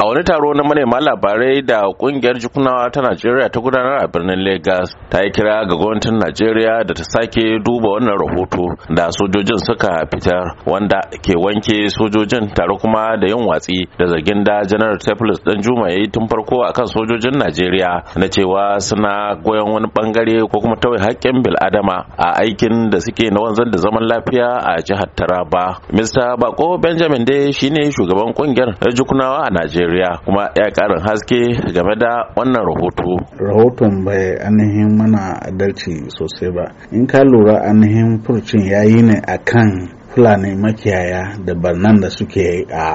a wani taro na manema labarai da kungiyar jikunawa ta najeriya ta gudanar a birnin lagos ta yi kira ga gwamnatin najeriya da ta sake duba wannan rahoto da sojojin suka fitar wanda ke wanke sojojin tare kuma da yin watsi da zargin da janar teflis dan juma ya yi tun farko a kan sojojin najeriya na cewa suna goyon wani bangare ko kuma tawai haƙƙin bil'adama a aikin da suke na wanzan da zaman lafiya a jihar taraba Mista bako benjamin dai shine shugaban kungiyar jikunawa a najeriya najeriya kuma ya karin haske game da wannan rahoto rahoton bai ainihin mana adalci sosai ba in ka lura ainihin furcin ya yi ne kan fulani makiyaya da barnan da suke a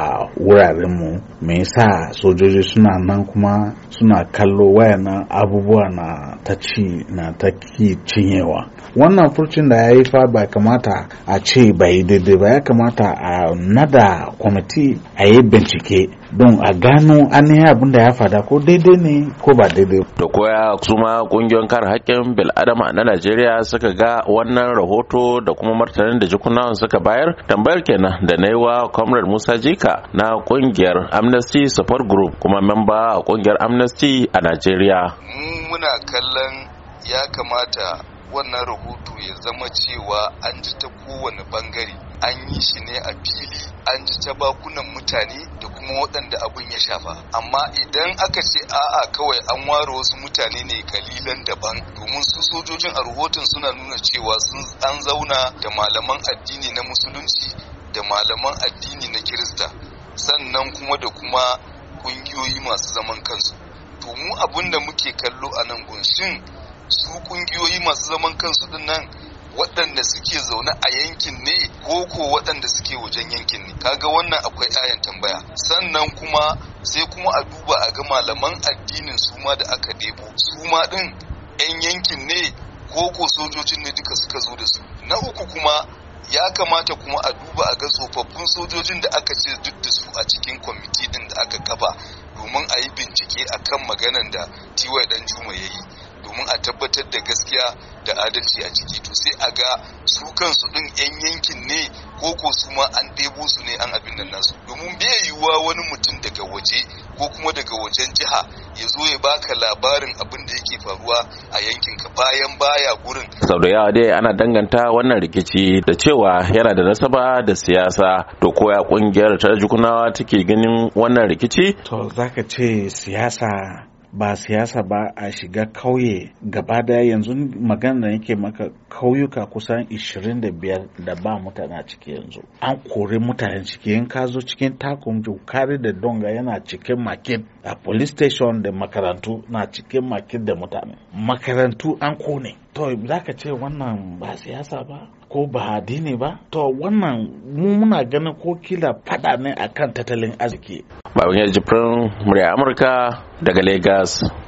mu me sa sojoji suna nan kuma suna kallo wayana abubuwa na ta ci na ta ki cinyewa wannan furcin da ya yi fa ba kamata a ce bai daidai ba ya kamata a nada kwamiti a yi bincike don a gano ainihin abin da ya fada ko daidai ne ko ba daidai. Da koya kuma kungiyoyin kare haƙƙin bil'adama na Najeriya suka ga wannan rahoto da kuma martanin da jikunan suka bayar tambayar kenan da na yi wa Comrade Musa Jika na kungiyar Amnesty Support Group kuma memba a kungiyar Amnesty a Najeriya. Mu muna kallon ya kamata wannan rahoto ya zama cewa an ji ta kowane bangare an yi shi ne a fili an ji ta bakunan mutane samu waɗanda abin ya shafa amma idan aka ce a'a kawai an ware wasu mutane ne kalilan daban domin su sojojin a rahoton suna nuna cewa sun an zauna da malaman addini na musulunci da malaman addini na kirista sannan kuma da kuma ƙungiyoyi masu zaman kansu to mu abin da muke kallo a nan gunshin su ƙungiyoyi masu zaman kansu din nan waɗanda suke zaune a yankin ne ko ko waɗanda suke wajen yankin ne kaga wannan akwai ayan tambaya sannan kuma sai kuma a duba a ga malaman addinin su ma da aka debo su ma din 'yan yankin ne ko ko sojojin ne duka suka zo da su na uku kuma ya kamata kuma a duba a ga tsofaffin sojojin da aka ce duk da su a cikin kwamiti din da aka kafa domin a yi bincike kan maganan da tiwai dan juma ya yi domin a tabbatar da gaskiya da adalci a ciki to sai a ga su kansu din yan yankin ne ko ko su ma an ɗebo su ne an abin nan nasu domin bai yiwuwa wani mutum daga waje ko kuma daga wajen jiha ya zo ya baka labarin abin da yake faruwa a yankin ka bayan baya gurin sau da yawa dai ana danganta wannan rikici da cewa yana da nasaba da siyasa to koya kungiyar ta take ganin wannan rikici to zaka ce siyasa ba siyasa ba a shiga kauye gaba daya yanzu magana da yake maka kauyuka kusan 25 da ba mutane a ciki yanzu an kori mutane ciki in ka zo cikin takun jukari da donga yana cikin makin a police station da makarantu na cikin makin da mutane makarantu an kone to za ka ce wannan ba siyasa ba ko ba ba to wannan mu muna ganin ko kila fada ne akan tattalin arziki baban ya jibrin murya amurka daga Legas.